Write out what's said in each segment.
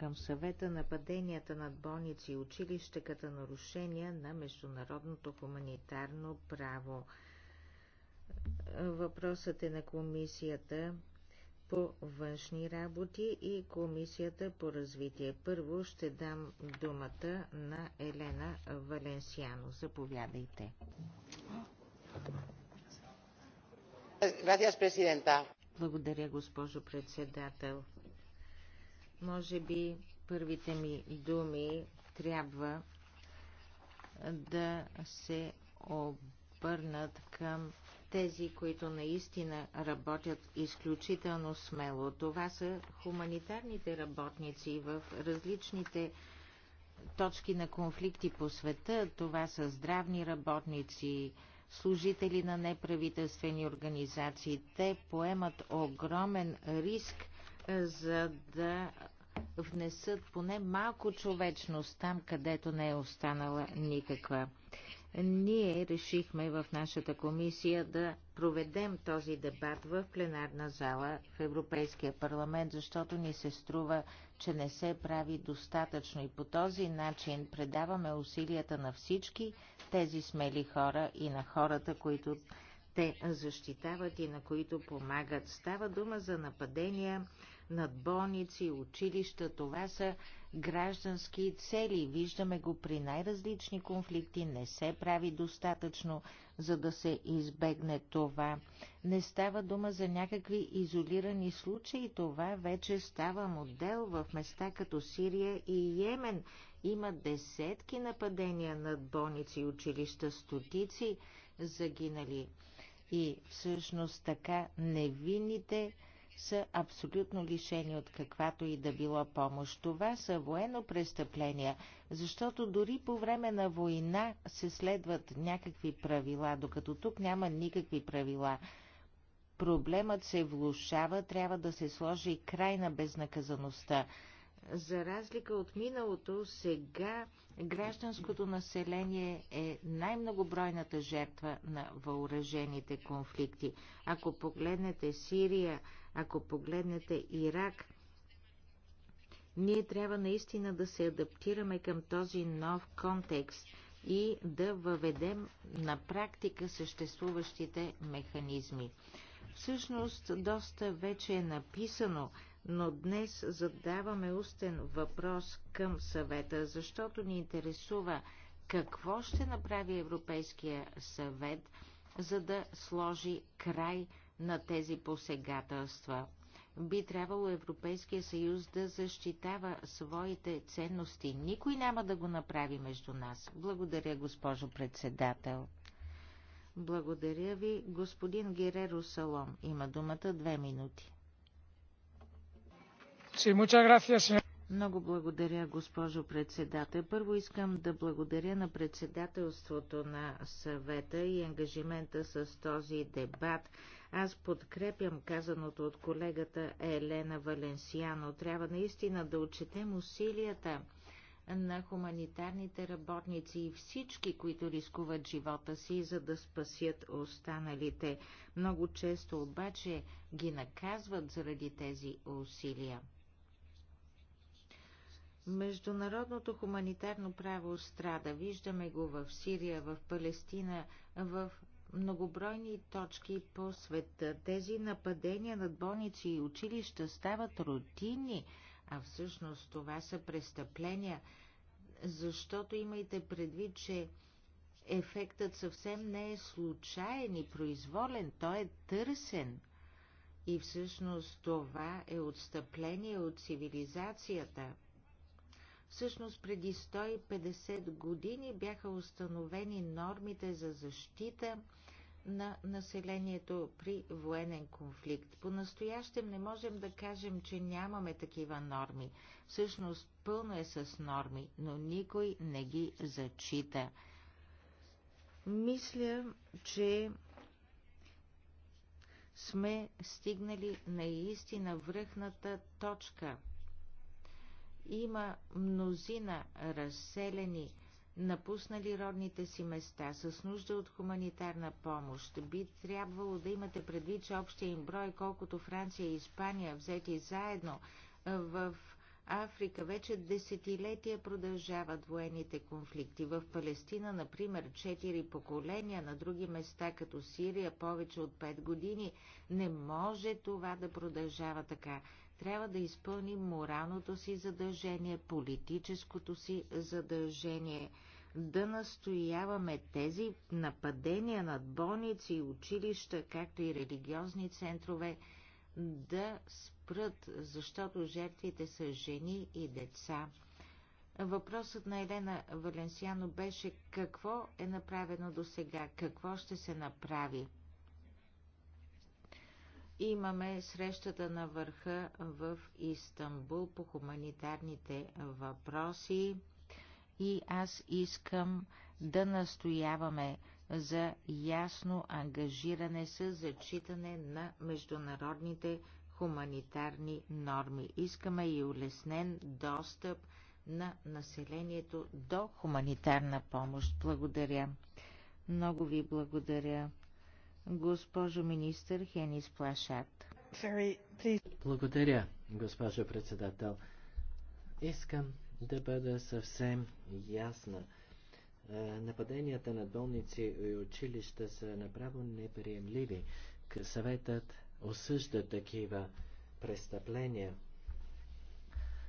към съвета нападенията над болници и училища като нарушения на международното хуманитарно право. Въпросът е на комисията по външни работи и комисията по развитие. Първо ще дам думата на Елена Валенсиано. Заповядайте. Благодаря, госпожо председател. Може би първите ми думи трябва да се обърнат към тези, които наистина работят изключително смело. Това са хуманитарните работници в различните точки на конфликти по света. Това са здравни работници, служители на неправителствени организации. Те поемат огромен риск за да внесат поне малко човечност там, където не е останала никаква. Ние решихме в нашата комисия да проведем този дебат в пленарна зала в Европейския парламент, защото ни се струва, че не се прави достатъчно и по този начин предаваме усилията на всички тези смели хора и на хората, които те защитават и на които помагат. Става дума за нападения над болници, училища. Това са граждански цели. Виждаме го при най-различни конфликти. Не се прави достатъчно, за да се избегне това. Не става дума за някакви изолирани случаи. Това вече става модел в места като Сирия и Йемен. Има десетки нападения над болници и училища, стотици загинали. И всъщност така невинните са абсолютно лишени от каквато и да било помощ. Това са военно престъпления, защото дори по време на война се следват някакви правила, докато тук няма никакви правила. Проблемът се влушава, трябва да се сложи край на безнаказаността. За разлика от миналото, сега гражданското население е най-многобройната жертва на въоръжените конфликти. Ако погледнете Сирия, ако погледнете Ирак, ние трябва наистина да се адаптираме към този нов контекст и да въведем на практика съществуващите механизми. Всъщност, доста вече е написано, но днес задаваме устен въпрос към съвета, защото ни интересува какво ще направи Европейския съвет, за да сложи край на тези посегателства. Би трябвало Европейския съюз да защитава своите ценности. Никой няма да го направи между нас. Благодаря, госпожо председател. Благодаря ви, господин Гереро Салом. Има думата две минути. Sí, muchas gracias, señor. Много благодаря, госпожо председател. Първо искам да благодаря на председателството на съвета и ангажимента с този дебат. Аз подкрепям казаното от колегата Елена Валенсиано. Трябва наистина да отчетем усилията на хуманитарните работници и всички, които рискуват живота си, за да спасят останалите. Много често обаче ги наказват заради тези усилия. Международното хуманитарно право страда. Виждаме го в Сирия, в Палестина, в многобройни точки по света. Тези нападения над болници и училища стават рутинни, а всъщност това са престъпления, защото имайте предвид, че ефектът съвсем не е случайен и произволен, той е търсен. И всъщност това е отстъпление от цивилизацията – Всъщност преди 150 години бяха установени нормите за защита на населението при военен конфликт. По-настоящем не можем да кажем, че нямаме такива норми. Всъщност пълно е с норми, но никой не ги зачита. Мисля, че сме стигнали наистина връхната точка – има мнозина разселени, напуснали родните си места с нужда от хуманитарна помощ. Би трябвало да имате предвид, че общия им брой, колкото Франция и Испания взети заедно в Африка вече десетилетия продължават военните конфликти. В Палестина, например, четири поколения, на други места, като Сирия, повече от пет години. Не може това да продължава така. Трябва да изпълни моралното си задължение, политическото си задължение, да настояваме тези нападения над болници и училища, както и религиозни центрове, да спрат, защото жертвите са жени и деца. Въпросът на Елена Валенсиано беше какво е направено до сега, какво ще се направи имаме срещата на върха в Истанбул по хуманитарните въпроси и аз искам да настояваме за ясно ангажиране с зачитане на международните хуманитарни норми. Искаме и улеснен достъп на населението до хуманитарна помощ. Благодаря. Много ви благодаря. Госпожо министър Хенис Плашат. Благодаря, госпожо председател. Искам да бъда съвсем ясна. Е, нападенията на болници и училища са направо неприемливи. Съветът осъжда такива престъпления.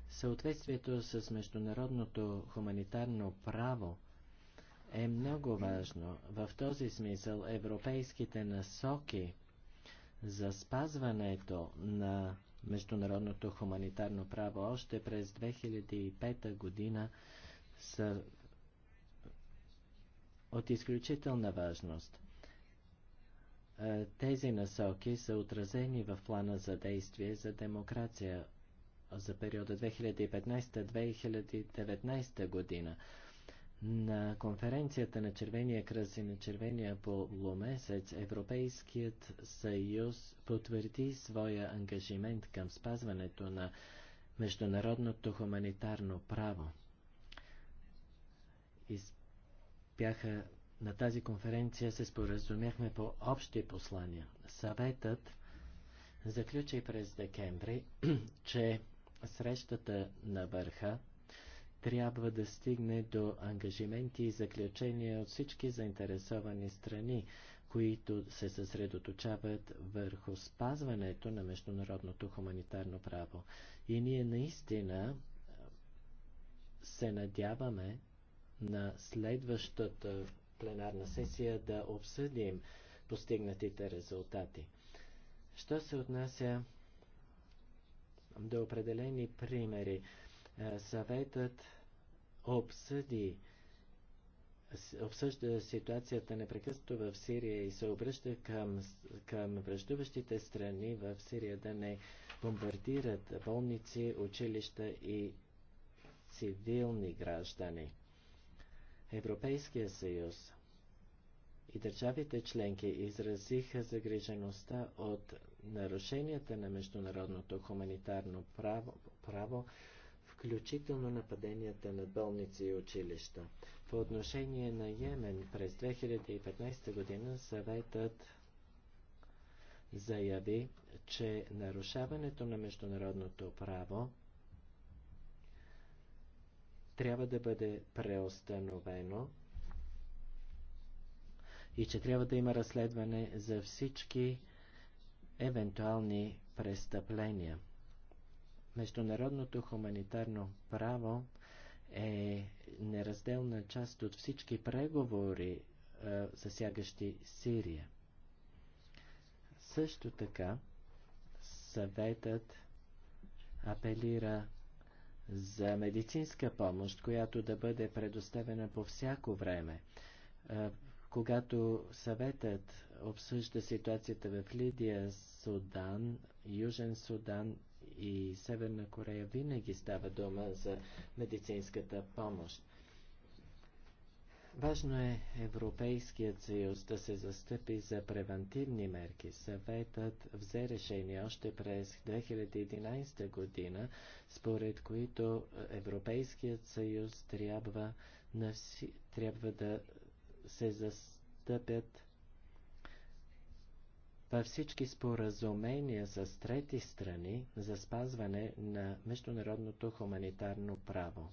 Съответствието с международното хуманитарно право – е много важно. В този смисъл европейските насоки за спазването на международното хуманитарно право още през 2005 година са от изключителна важност. Е, тези насоки са отразени в плана за действие за демокрация за периода 2015-2019 година. На конференцията на Червения кръст и на Червения полумесец Европейският съюз потвърди своя ангажимент към спазването на международното хуманитарно право. Изпяха Бяха на тази конференция се споразумяхме по общи послания. Съветът заключи през декември, че срещата на върха трябва да стигне до ангажименти и заключения от всички заинтересовани страни, които се съсредоточават върху спазването на международното хуманитарно право. И ние наистина се надяваме на следващата пленарна сесия да обсъдим постигнатите резултати. Що се отнася до определени примери, е, съветът обсъди обсъжда ситуацията непрекъснато в Сирия и се обръща към, към връждуващите страни в Сирия да не бомбардират болници, училища и цивилни граждани. Европейския съюз и държавите членки изразиха загрижеността от нарушенията на международното хуманитарно право, право включително нападенията на болници и училища. По отношение на Йемен през 2015 година съветът заяви, че нарушаването на международното право трябва да бъде преустановено и че трябва да има разследване за всички евентуални престъпления. Международното хуманитарно право е неразделна част от всички преговори, е, засягащи Сирия. Също така, съветът апелира за медицинска помощ, която да бъде предоставена по всяко време. Е, когато съветът обсъжда ситуацията в Лидия, Судан, Южен Судан и Северна Корея винаги става дума за медицинската помощ. Важно е Европейският съюз да се застъпи за превентивни мерки. Съветът взе решение още през 2011 година, според които Европейският съюз трябва, на вси... трябва да се застъпят във всички споразумения с трети страни за спазване на международното хуманитарно право.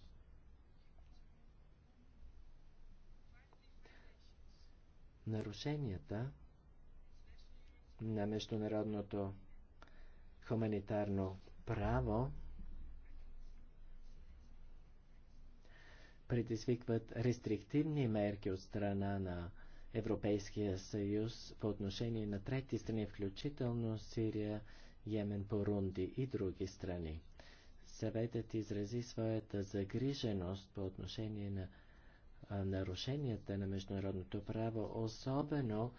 Нарушенията на международното хуманитарно право предизвикват рестриктивни мерки от страна на Европейския съюз по отношение на трети страни, включително Сирия, Йемен, Бурунди и други страни. Съветът изрази своята загриженост по отношение на нарушенията на международното право, особено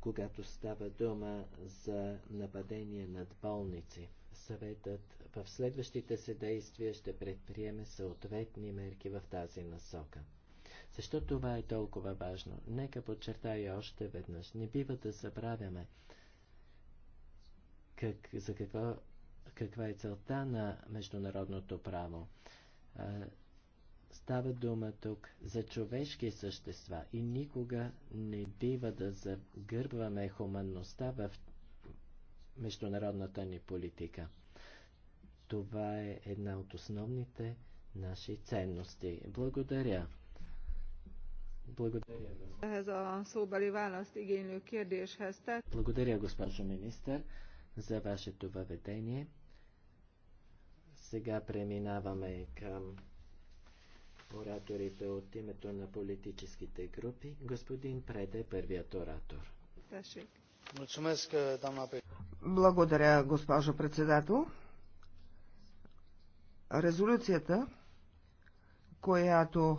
когато става дума за нападение над болници. Съветът в следващите се действия ще предприеме съответни мерки в тази насока. Защо това е толкова важно? Нека подчертая още веднъж. Не бива да забравяме как, за какво, каква е целта на международното право. Става дума тук за човешки същества и никога не бива да загърбваме хуманността в международната ни политика. Това е една от основните наши ценности. Благодаря. Благодаря. Благодаря, госпожо министър, за вашето въведение. Сега преминаваме към ораторите от името на политическите групи. Господин Преде, първият оратор. Благодаря, госпожо председател. Резолюцията, която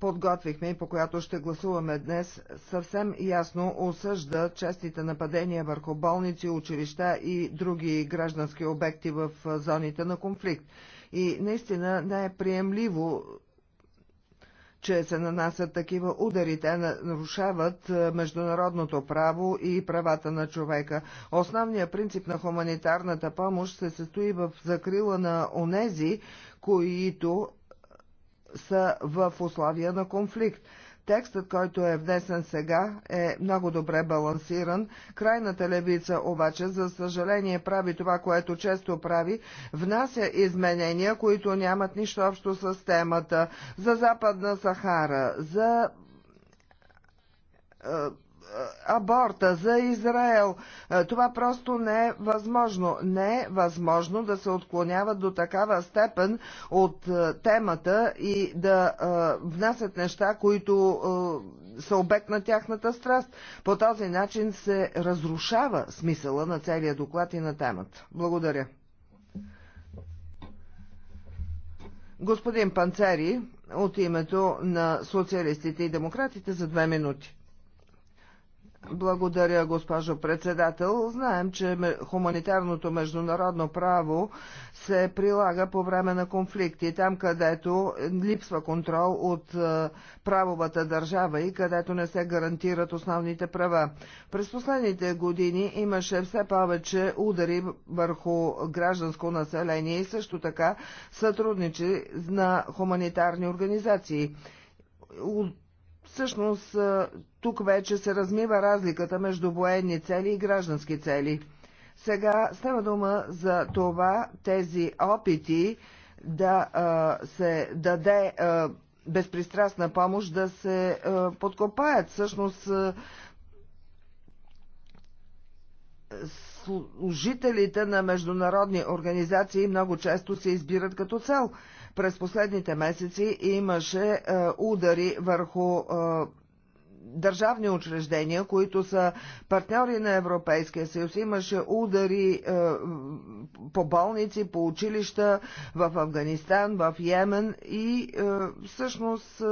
подготвихме и по която ще гласуваме днес, съвсем ясно осъжда честите нападения върху болници, училища и други граждански обекти в зоните на конфликт. И наистина не е приемливо че се нанасят такива удари. Те нарушават международното право и правата на човека. Основният принцип на хуманитарната помощ се състои в закрила на онези, които са в условия на конфликт. Текстът, който е внесен сега, е много добре балансиран. Крайната левица обаче, за съжаление, прави това, което често прави, внася изменения, които нямат нищо общо с темата за Западна Сахара, за е, аборта, за Израел. Това просто не е възможно. Не е възможно да се отклоняват до такава степен от темата и да внасят неща, които са обект на тяхната страст. По този начин се разрушава смисъла на целия доклад и на темата. Благодаря. Господин Панцери, от името на социалистите и демократите за две минути. Благодаря, госпожо председател. Знаем, че хуманитарното международно право се прилага по време на конфликти, там където липсва контрол от е, правовата държава и където не се гарантират основните права. През последните години имаше все повече удари върху гражданско население и също така сътрудничи на хуманитарни организации Всъщност, тук вече се размива разликата между военни цели и граждански цели. Сега става дума за това тези опити да а, се даде а, безпристрастна помощ да се а, подкопаят. Всъщност, а, служителите на международни организации много често се избират като цел. През последните месеци имаше е, удари върху е, държавни учреждения, които са партньори на Европейския съюз. Имаше удари е, по болници, по училища в Афганистан, в Йемен и е, всъщност. Е,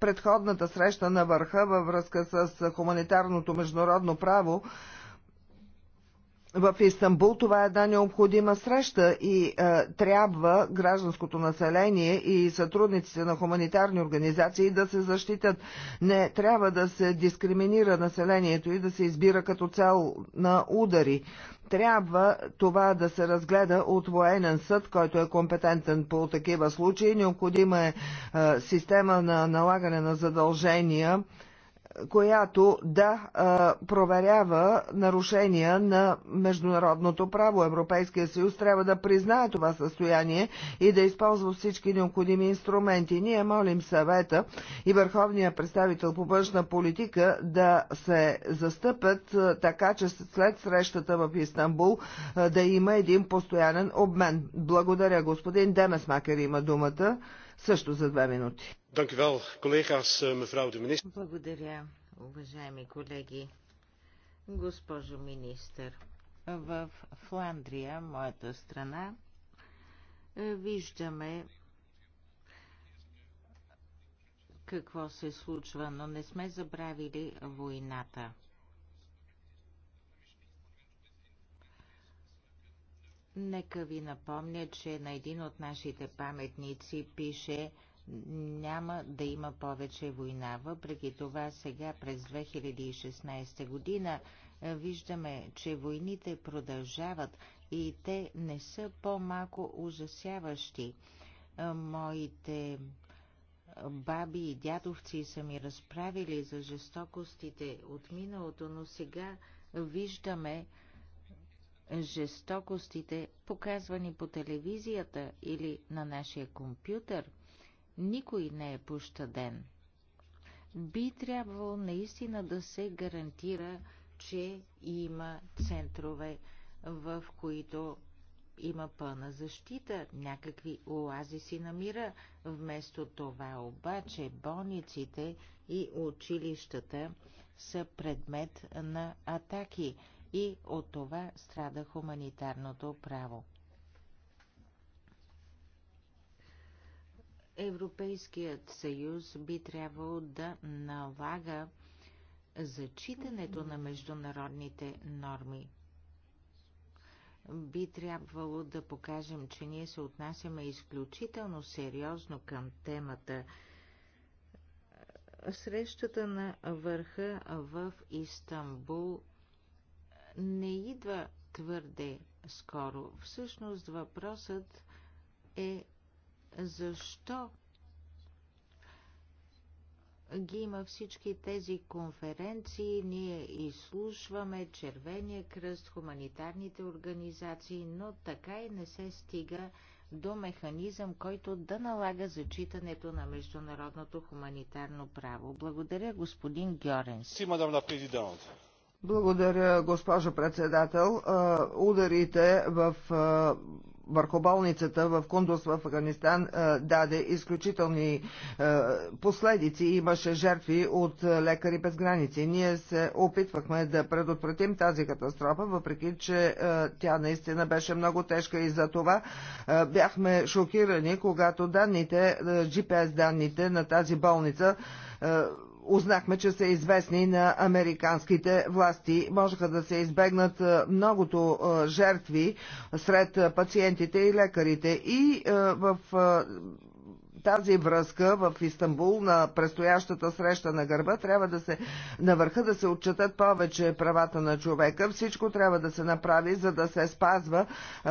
предходната среща на върха във връзка с е, хуманитарното международно право в Истанбул това е една необходима среща и е, трябва гражданското население и сътрудниците на хуманитарни организации да се защитят. Не трябва да се дискриминира населението и да се избира като цел на удари. Трябва това да се разгледа от военен съд, който е компетентен по такива случаи. Необходима е, е система на налагане на задължения която да проверява нарушения на международното право. Европейския съюз трябва да признае това състояние и да използва всички необходими инструменти. Ние молим съвета и върховния представител по външна политика да се застъпят така, че след срещата в Истанбул да има един постоянен обмен. Благодаря, господин Демесмакер има думата също за две минути. Eh, Благодаря, уважаеми колеги. Госпожо министър, в Фландрия, моята страна, е, виждаме какво се случва, но не сме забравили войната. Нека ви напомня, че на един от нашите паметници пише – няма да има повече война. Въпреки това сега през 2016 година е, виждаме, че войните продължават и те не са по-малко ужасяващи. Е, моите е, баби и дядовци са ми разправили за жестокостите от миналото, но сега виждаме жестокостите, показвани по телевизията или на нашия компютър. Никой не е пощаден. Би трябвало наистина да се гарантира, че има центрове, в които има пълна защита, някакви оази си намира. Вместо това обаче болниците и училищата са предмет на атаки и от това страда хуманитарното право. Европейският съюз би трябвало да налага зачитането на международните норми. Би трябвало да покажем, че ние се отнасяме изключително сериозно към темата. Срещата на върха в Истанбул не идва твърде скоро. Всъщност въпросът е защо ги има всички тези конференции, ние изслушваме Червения кръст, хуманитарните организации, но така и не се стига до механизъм, който да налага зачитането на международното хуманитарно право. Благодаря, господин Гьоренс. Благодаря, госпожо председател. Е, ударите в е, върху болницата в Кундус в Афганистан даде изключителни последици. Имаше жертви от лекари без граници. Ние се опитвахме да предотвратим тази катастрофа, въпреки че тя наистина беше много тежка и за това бяхме шокирани, когато данните, GPS данните на тази болница узнахме, че са известни на американските власти. Можеха да се избегнат е, многото е, жертви сред е, пациентите и лекарите. И в тази връзка в Истанбул на предстоящата среща на гърба трябва да се на върха да се отчетат повече правата на човека. Всичко трябва да се направи, за да се спазва е,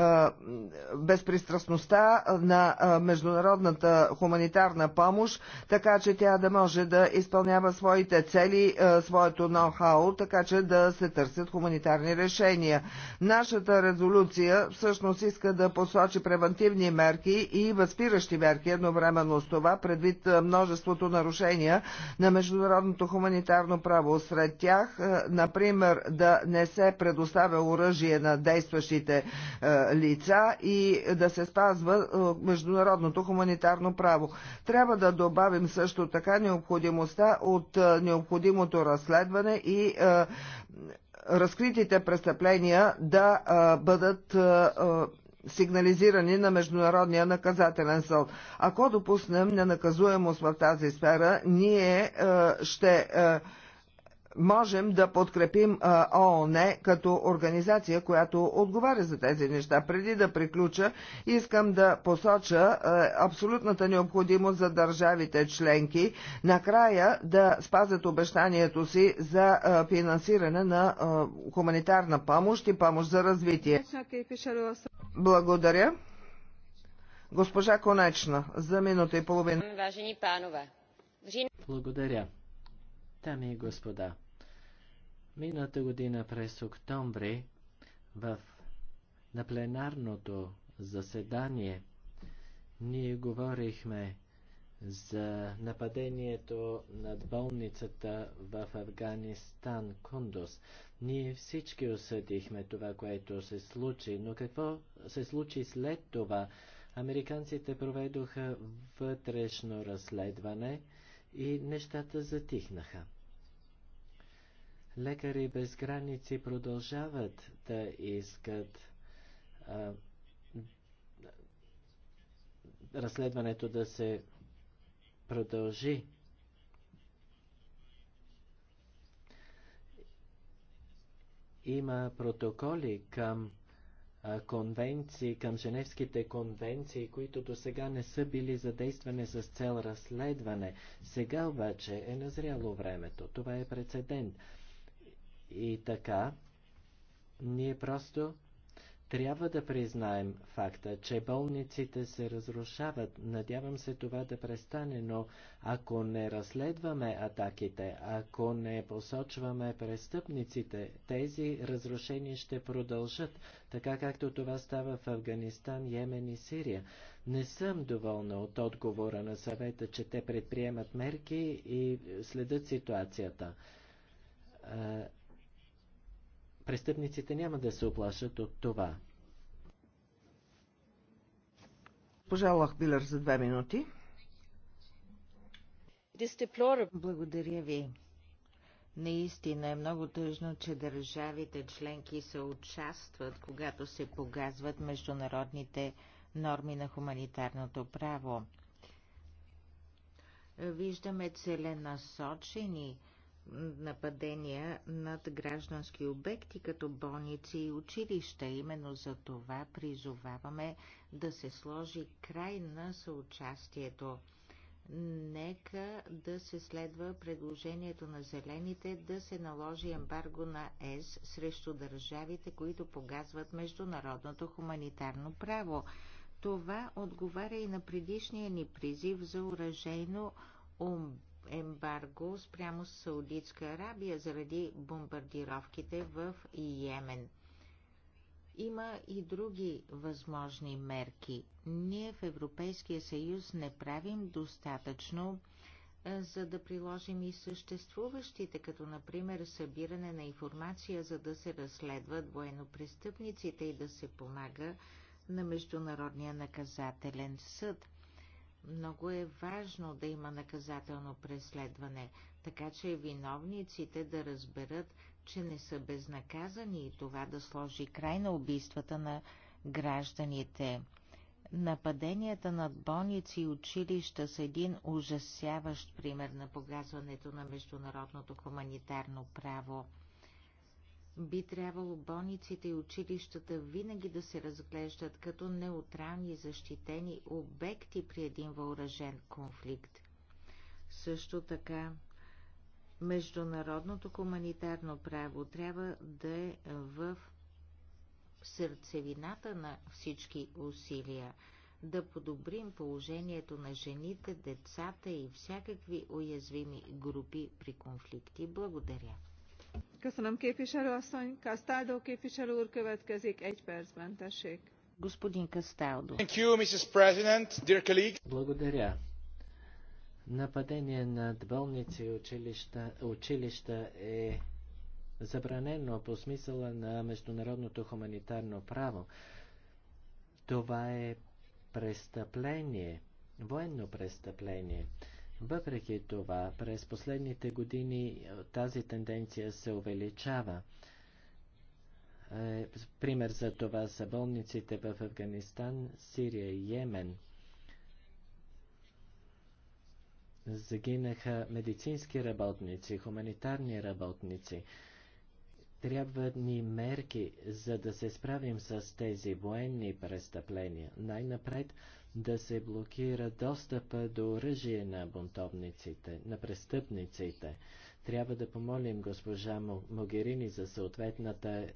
безпристрастността на е, международната хуманитарна помощ, така че тя да може да изпълнява своите цели, е, своето ноу-хау, така че да се търсят хуманитарни решения. Нашата резолюция всъщност иска да посочи превентивни мерки и възпиращи мерки едновременно Едновременно с това, предвид множеството нарушения на международното хуманитарно право сред тях, например да не се предоставя оръжие на действащите лица и да се спазва международното хуманитарно право. Трябва да добавим също така необходимостта от необходимото разследване и разкритите престъпления да бъдат сигнализирани на Международния наказателен съд. Ако допуснем ненаказуемост в тази сфера, ние е, ще е, можем да подкрепим е, ООН като организация, която отговаря за тези неща. Преди да приключа, искам да посоча абсолютната необходимост за държавите членки накрая да спазят обещанието си за финансиране на хуманитарна помощ и помощ за развитие. Благодаря. Госпожа Конечна, за минута и половина. Важени панове. Благодаря. Дами и господа, миналата година през октомври в, на пленарното заседание ние говорихме за нападението над болницата в Афганистан Кундус. Ние всички осъдихме това, което се случи, но какво се случи след това? Американците проведоха вътрешно разследване и нещата затихнаха. Лекари без граници продължават да искат а, разследването да се продължи. има протоколи към а, конвенции, към женевските конвенции, които до сега не са били задействани с цел разследване. Сега обаче е назряло времето. Това е прецедент. И така, ние просто трябва да признаем факта, че болниците се разрушават. Надявам се това да престане, но ако не разследваме атаките, ако не посочваме престъпниците, тези разрушения ще продължат, така както това става в Афганистан, Йемен и Сирия. Не съм доволна от отговора на съвета, че те предприемат мерки и следят ситуацията престъпниците няма да се оплашат от това. Госпожа билер за две минути. Благодаря ви. Наистина е много тъжно, че държавите членки се участват, когато се погазват международните норми на хуманитарното право. Виждаме целенасочени нападения над граждански обекти, като болници и училища. Именно за това призоваваме да се сложи край на съучастието. Нека да се следва предложението на зелените да се наложи ембарго на ЕС срещу държавите, които погазват международното хуманитарно право. Това отговаря и на предишния ни призив за уражейно ембарго спрямо Саудитска Арабия заради бомбардировките в Йемен. Има и други възможни мерки. Ние в Европейския съюз не правим достатъчно, за да приложим и съществуващите, като например събиране на информация, за да се разследват военнопрестъпниците и да се помага на Международния наказателен съд – много е важно да има наказателно преследване, така че виновниците да разберат, че не са безнаказани и това да сложи край на убийствата на гражданите. Нападенията над болници и училища са един ужасяващ пример на погазването на международното хуманитарно право. Би трябвало болниците и училищата винаги да се разглеждат като неутрални защитени обекти при един въоръжен конфликт. Също така, международното хуманитарно право трябва да е в сърцевината на всички усилия да подобрим положението на жените, децата и всякакви уязвими групи при конфликти. Благодаря. Köszönöm képviselő Господин Касталдо. Благодаря. Нападение над болници и училища, училища е забранено по смисъла на международното хуманитарно право. Това е престъпление, военно престъпление. Въпреки това, през последните години е, тази тенденция се увеличава. Е, пример за това са болниците в Афганистан, Сирия и Йемен. Загинаха медицински работници, хуманитарни работници. Трябва ни мерки, за да се справим с тези военни престъпления. Най-напред да се блокира достъпа до оръжие на бунтовниците, на престъпниците. Трябва да помолим госпожа Могерини за съответната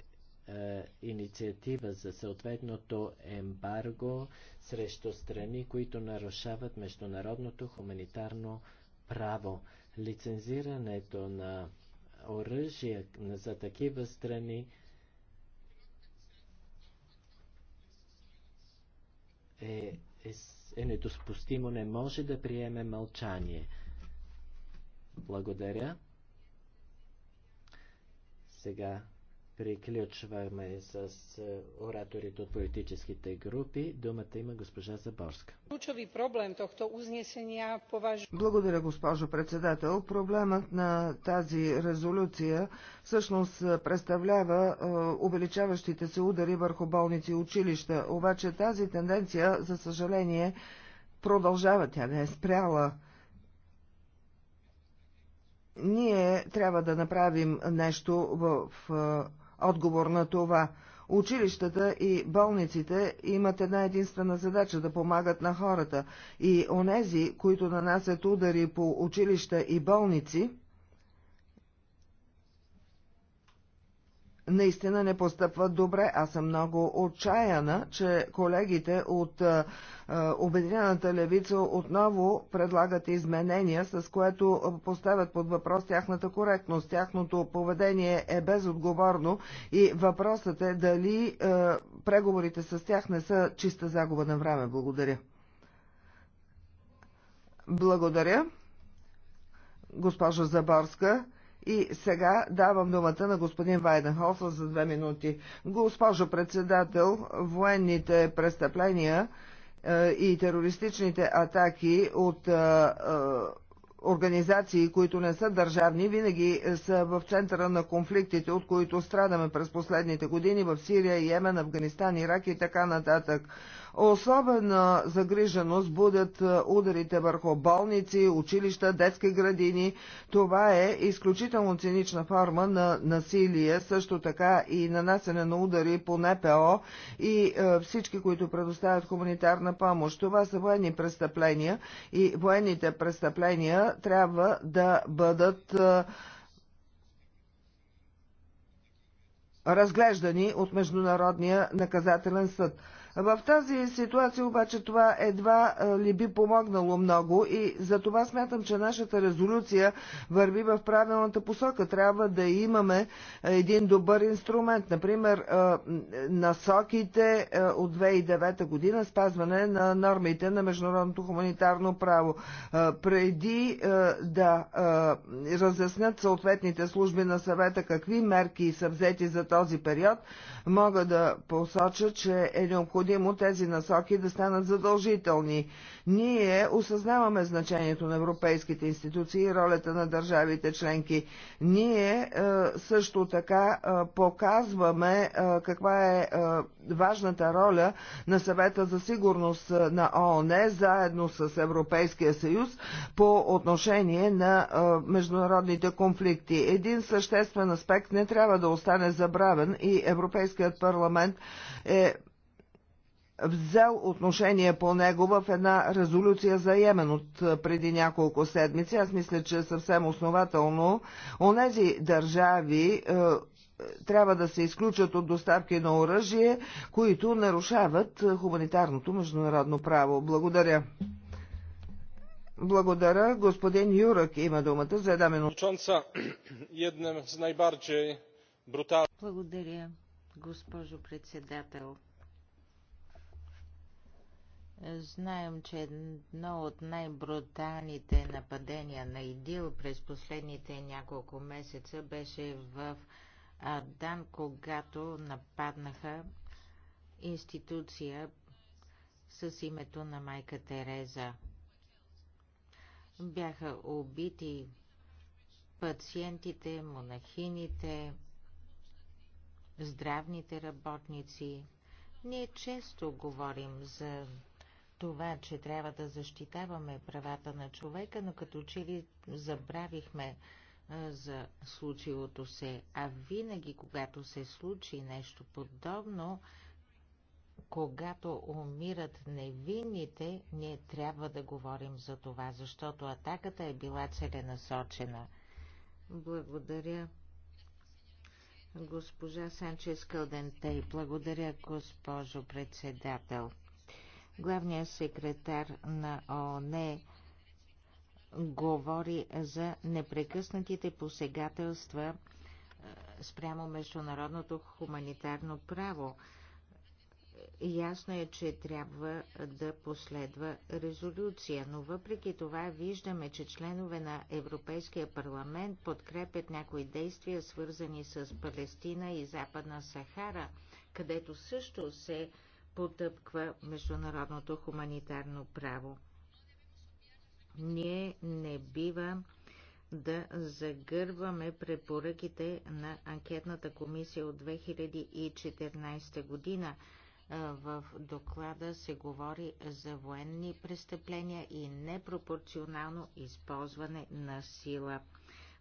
е, инициатива, за съответното ембарго срещу страни, които нарушават международното хуманитарно право. Лицензирането на оръжие за такива страни е е, е недоспустимо, не може да приеме мълчание. Благодаря. Сега Приключваме с е, ораторите от политическите групи. Думата има госпожа Заборска. Ключови проблем тохто узнесения Благодаря, госпожо председател. Проблемът на тази резолюция всъщност представлява е, увеличаващите се удари върху болници и училища. Обаче тази тенденция, за съжаление, продължава. Тя не е спряла ние трябва да направим нещо в, в е, отговор на това. Училищата и болниците имат една единствена задача да помагат на хората и онези, които нанасят удари по училища и болници, наистина не постъпват добре. Аз съм много отчаяна, че колегите от е, е, Обединената левица отново предлагат изменения, с което поставят под въпрос тяхната коректност. Тяхното поведение е безотговорно и въпросът е дали е, преговорите с тях не са чиста загуба на време. Благодаря. Благодаря. Госпожа Заборска, и сега давам думата на господин Вайденхоф за две минути. Госпожо председател, военните престъпления е, и терористичните атаки от е, е, организации, които не са държавни, винаги са в центъра на конфликтите, от които страдаме през последните години в Сирия, Йемен, Афганистан, Ирак и така нататък. Особена загриженост будят е, ударите върху болници, училища, детски градини. Това е изключително цинична форма на насилие, също така и нанасене на удари по НПО и е, всички, които предоставят хуманитарна помощ. Това са военни престъпления и военните престъпления трябва да бъдат е, разглеждани от Международния наказателен съд. В тази ситуация обаче това едва е, ли би помогнало много и за това смятам, че нашата резолюция върви в правилната посока. Трябва да имаме е, един добър инструмент, например е, насоките от 2009 година спазване на нормите на международното хуманитарно право. Преди да разяснят съответните служби на съвета какви мерки са взети за този период, мога да посоча, че е необходимо необходимо тези насоки да станат задължителни. Ние осъзнаваме значението на европейските институции и ролята на държавите членки. Ние е, също така е, показваме е, каква е важната роля на съвета за сигурност на ООН заедно с Европейския съюз по отношение на международните конфликти. Един съществен аспект не трябва да остане забравен и Европейският парламент е взел отношение по него в една резолюция за Йемен от преди няколко седмици. Аз мисля, че съвсем основателно онези държави трябва да се изключат от доставки на оръжие, които нарушават хуманитарното международно право. Благодаря. Благодаря. Господин Юрък има думата за една минута. Благодаря, госпожо председател. Знаем, че едно от най-бруталните нападения на ИДИЛ през последните няколко месеца беше в Ардан, когато нападнаха институция с името на майка Тереза. Бяха убити пациентите, монахините, здравните работници. Ние често говорим за това, че трябва да защитаваме правата на човека, но като че ли забравихме за случилото се. А винаги, когато се случи нещо подобно, когато умират невинните, ние трябва да говорим за това, защото атаката е била целенасочена. Благодаря. Госпожа Санчес Кълдентей, благодаря, госпожо председател. Главният секретар на ООН говори за непрекъснатите посегателства спрямо международното хуманитарно право. Ясно е, че трябва да последва резолюция, но въпреки това виждаме, че членове на Европейския парламент подкрепят някои действия, свързани с Палестина и Западна Сахара, където също се потъпква международното хуманитарно право. Ние не бива да загърваме препоръките на анкетната комисия от 2014 година. В доклада се говори за военни престъпления и непропорционално използване на сила.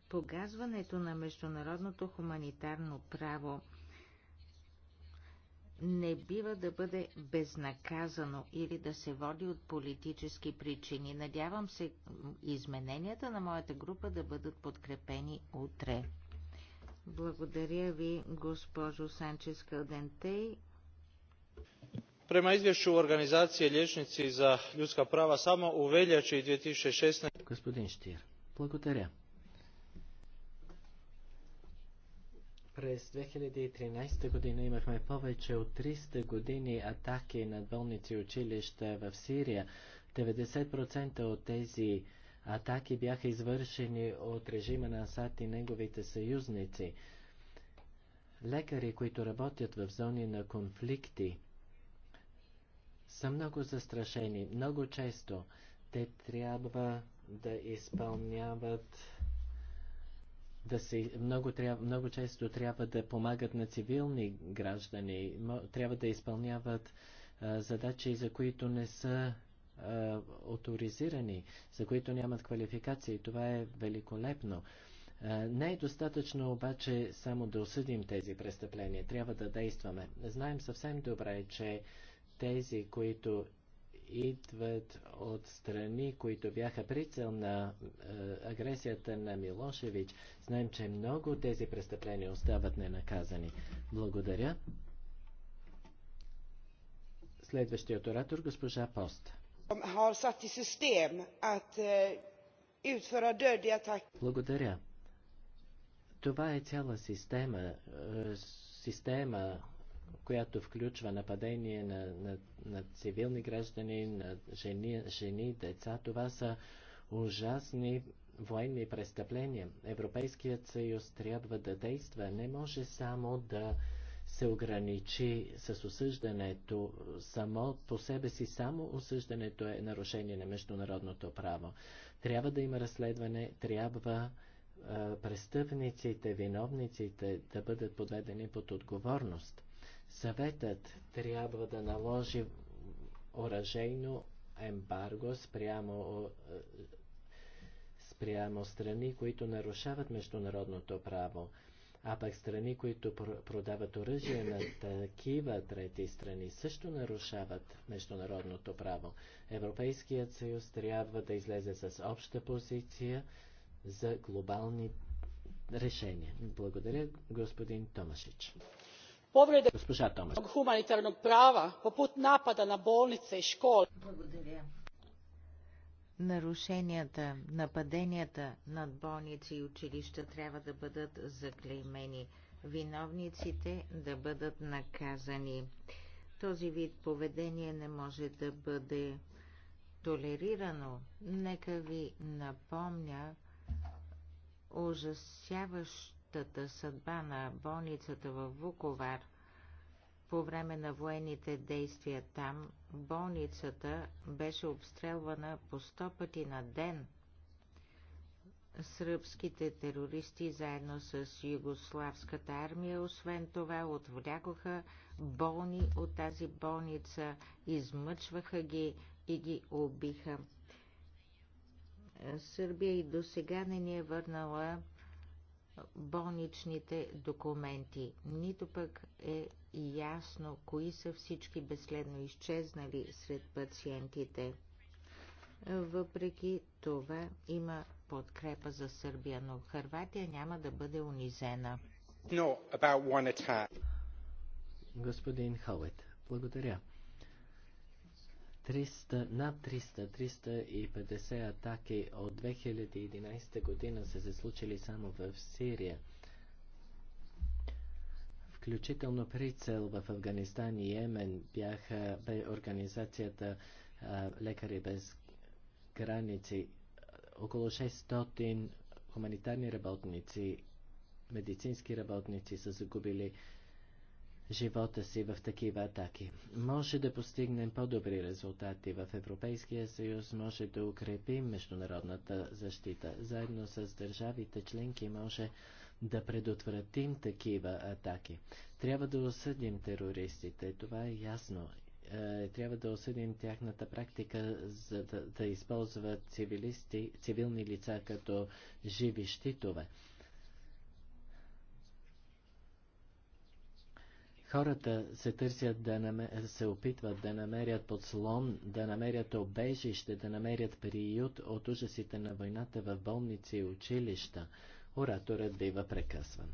Погазването на международното хуманитарно право – не бива да бъде безнаказано или да се води от политически причини. Надявам се измененията на моята група да бъдат подкрепени утре. Благодаря ви, госпожо Санчес Калдентей. Prema izvješću organizacije Лечници za ljudska prava samo u veljači 2016. Gospodin Štir, благодаря. През 2013 година имахме повече от 300 години атаки на болници и училища в Сирия. 90% от тези атаки бяха извършени от режима на Асад и неговите съюзници. Лекари, които работят в зони на конфликти, са много застрашени. Много често те трябва да изпълняват да се, много, трябва, много често трябва да помагат на цивилни граждани, трябва да изпълняват а, задачи, за които не са а, авторизирани, за които нямат квалификации. Това е великолепно. А, не е достатъчно обаче само да осъдим тези престъпления. Трябва да действаме. Знаем съвсем добре, че тези, които идват от страни, които бяха прицел на е, агресията на Милошевич. Знаем, че много от тези престъпления остават ненаказани. Благодаря. Следващият оратор, госпожа Пост. Е, Благодаря. Това е цяла система, е, система която включва нападение на, на, на цивилни граждани, на жени, жени, деца. Това са ужасни военни престъпления. Европейският съюз трябва да действа. Не може само да се ограничи с осъждането. Само по себе си само осъждането е нарушение на международното право. Трябва да има разследване, трябва престъпниците, виновниците да бъдат подведени под отговорност. Съветът трябва да наложи оръжейно ембарго спрямо, е, спрямо страни, които нарушават международното право, а пък страни, които продават оръжие на такива трети страни, също нарушават международното право. Европейският съюз трябва да излезе с обща позиция за глобални решения. Благодаря, господин Томашич povrede humanitarnog prava poput napada na bolnice i škole Нарушенията, нападенията над болници и училища трябва да бъдат заклеймени, виновниците да бъдат наказани. Този вид поведение не може да бъде толерирано. Нека ви напомня ужасяващо общата съдба на болницата в Вуковар по време на военните действия там, болницата беше обстрелвана по сто пъти на ден. Сръбските терористи заедно с югославската армия, освен това, отвлякоха болни от тази болница, измъчваха ги и ги убиха. Сърбия и до сега не ни е върнала болничните документи. Нито пък е ясно кои са всички безследно изчезнали сред пациентите. Въпреки това има подкрепа за Сърбия, но Харватия няма да бъде унизена. Господин Хаует, благодаря. 300, над 300, 350 атаки от 2011 година са се случили само в Сирия. Включително прицел в Афганистан и Йемен бяха бе организацията а, Лекари без граници. Около 600 хуманитарни работници, медицински работници са загубили живота си в такива атаки. Може да постигнем по-добри резултати в Европейския съюз, може да укрепим международната защита. Заедно с държавите членки може да предотвратим такива атаки. Трябва да осъдим терористите, това е ясно. Е, трябва да осъдим тяхната практика за да, да използват цивилисти, цивилни лица като живи щитове. Хората се търсят да намер... се опитват да намерят подслон, да намерят обежище, да намерят приют от ужасите на войната в болници и училища. Ораторът бива прекъсван.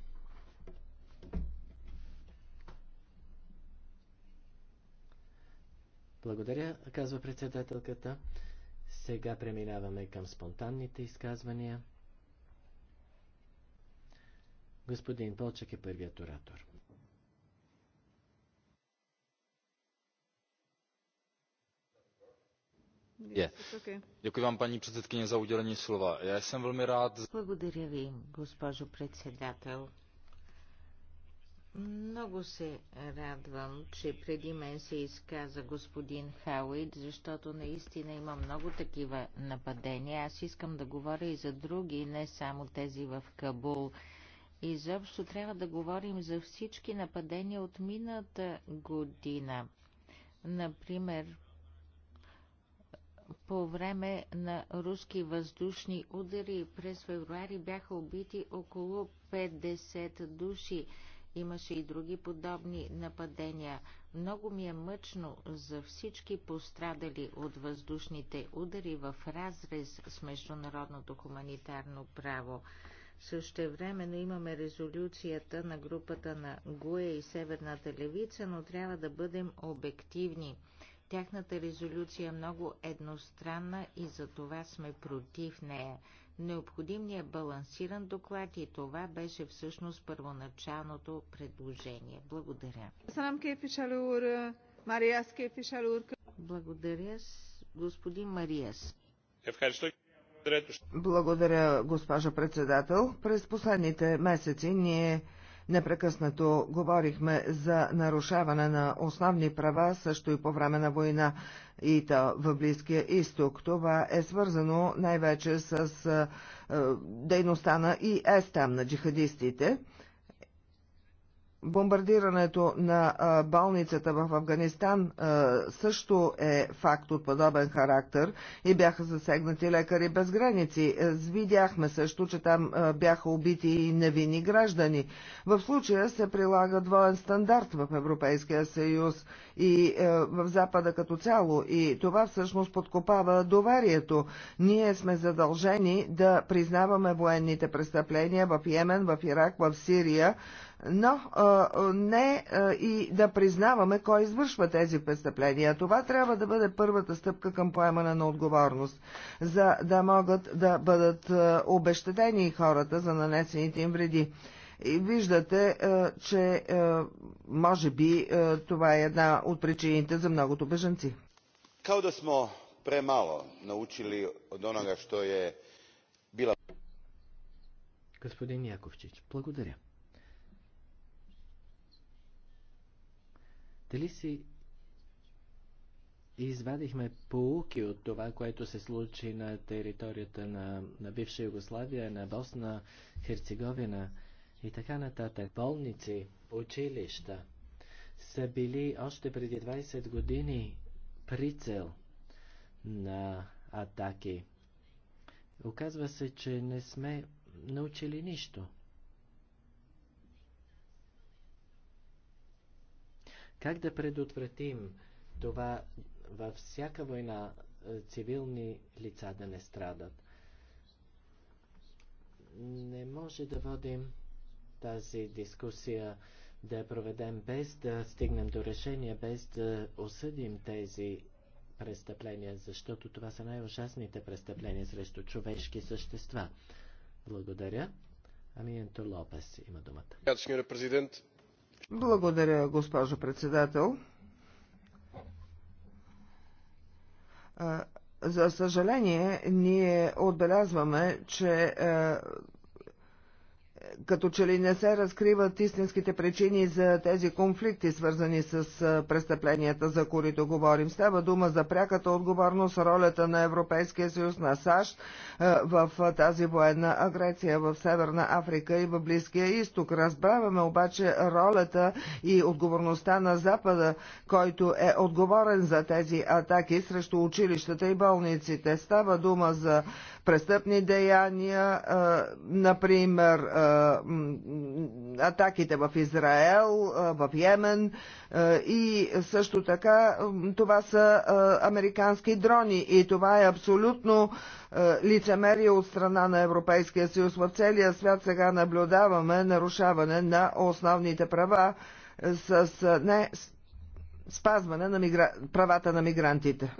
Благодаря, казва председателката. Сега преминаваме към спонтанните изказвания. Господин Полчък е първият оратор. paní předsedající já jsem velmi rád. Благодаря ви, госпожо председател. Много се радвам, че преди мен се изказа господин Хауид, защото наистина има много такива нападения. Аз искам да говоря и за други, не само тези в Кабул. Изобщо трябва да говорим за всички нападения от мината година. Например, по време на руски въздушни удари през февруари бяха убити около 50 души. Имаше и други подобни нападения. Много ми е мъчно за всички пострадали от въздушните удари в разрез с международното хуманитарно право. Същевременно имаме резолюцията на групата на ГУЕ и Северната левица, но трябва да бъдем обективни – Тяхната резолюция е много едностранна и за това сме против нея. Необходим ни е балансиран доклад и това беше всъщност първоначалното предложение. Благодаря. Благодаря, господин Мариас. Благодаря, госпожа председател. През последните месеци ние Непрекъснато говорихме за нарушаване на основни права, също и по време на война и та в Близкия изток. Това е свързано най-вече с е, дейността на ИС там, на джихадистите. Бомбардирането на болницата в Афганистан също е факт от подобен характер и бяха засегнати лекари без граници. Е, видяхме също, че там бяха убити и невинни граждани. В случая се прилага двоен стандарт в Европейския съюз и е, в Запада като цяло и това всъщност подкопава доверието. Ние сме задължени да признаваме военните престъпления в Йемен, в Ирак, в Сирия, но не и да признаваме кой извършва тези престъпления. Това трябва да бъде първата стъпка към поемане на отговорност, за да могат да бъдат обещатени хората за нанесените им вреди. И виждате, че може би това е една от причините за многото бежанци. Као да сме премало научили от онага, що е била... Господин Яковчич, благодаря. Дали си извадихме поуки от това, което се случи на територията на, на бивша Югославия, на Босна, Херцеговина и така нататък. Болници, училища са били още преди 20 години прицел на атаки. Оказва се, че не сме научили нищо. Как да предотвратим това във всяка война е, цивилни лица да не страдат? Не може да водим тази дискусия да я проведем без да стигнем до решение, без да осъдим тези престъпления, защото това са най-ужасните престъпления срещу човешки същества. Благодаря. Амиенто Лопес има думата. Благодаря, госпожо председател. За съжаление, ние отбелязваме, че като че ли не се разкриват истинските причини за тези конфликти, свързани с престъпленията, за които говорим. Става дума за пряката отговорност, ролята на Европейския съюз, на САЩ в тази военна агресия в Северна Африка и в Близкия изток. Разбравяме обаче ролята и отговорността на Запада, който е отговорен за тези атаки срещу училищата и болниците. Става дума за престъпни деяния, например, атаките в Израел, в Йемен и също така това са американски дрони и това е абсолютно лицемерие от страна на Европейския съюз. В целия свят сега наблюдаваме нарушаване на основните права с не спазване на мигра... правата на мигрантите.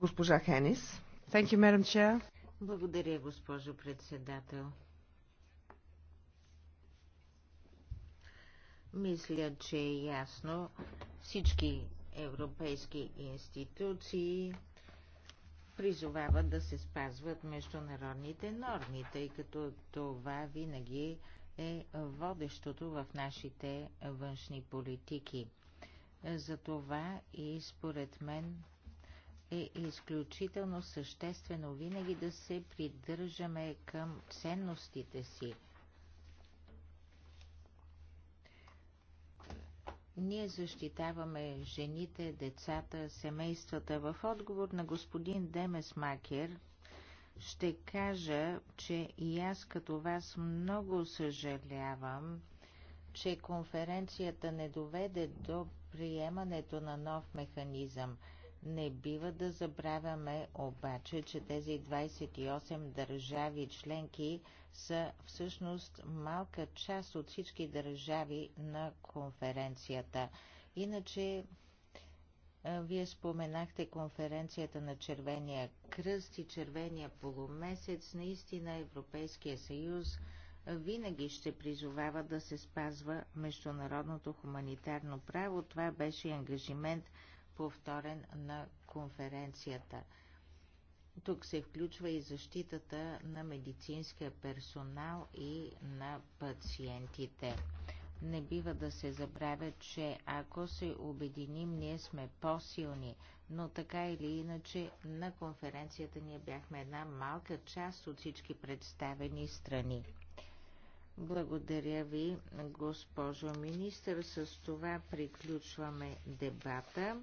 Госпожа Хенис. Thank you, Madam Chair. Благодаря, госпожо председател. Мисля, че е ясно всички европейски институции призовават да се спазват международните норми, тъй като това винаги е водещото в нашите външни политики. Затова и според мен е изключително съществено винаги да се придържаме към ценностите си. Ние защитаваме жените, децата, семействата. В отговор на господин Демес Макер ще кажа, че и аз като вас много съжалявам, че конференцията не доведе до приемането на нов механизъм – не бива да забравяме обаче, че тези 28 държави членки са всъщност малка част от всички държави на конференцията. Иначе, вие споменахте конференцията на Червения кръст и Червения полумесец. Наистина Европейския съюз винаги ще призовава да се спазва международното хуманитарно право. Това беше ангажимент – повторен на конференцията. Тук се включва и защитата на медицинския персонал и на пациентите. Не бива да се забравя, че ако се обединим, ние сме по-силни, но така или иначе на конференцията ние бяхме една малка част от всички представени страни. Благодаря ви, госпожо министър. С това приключваме дебата.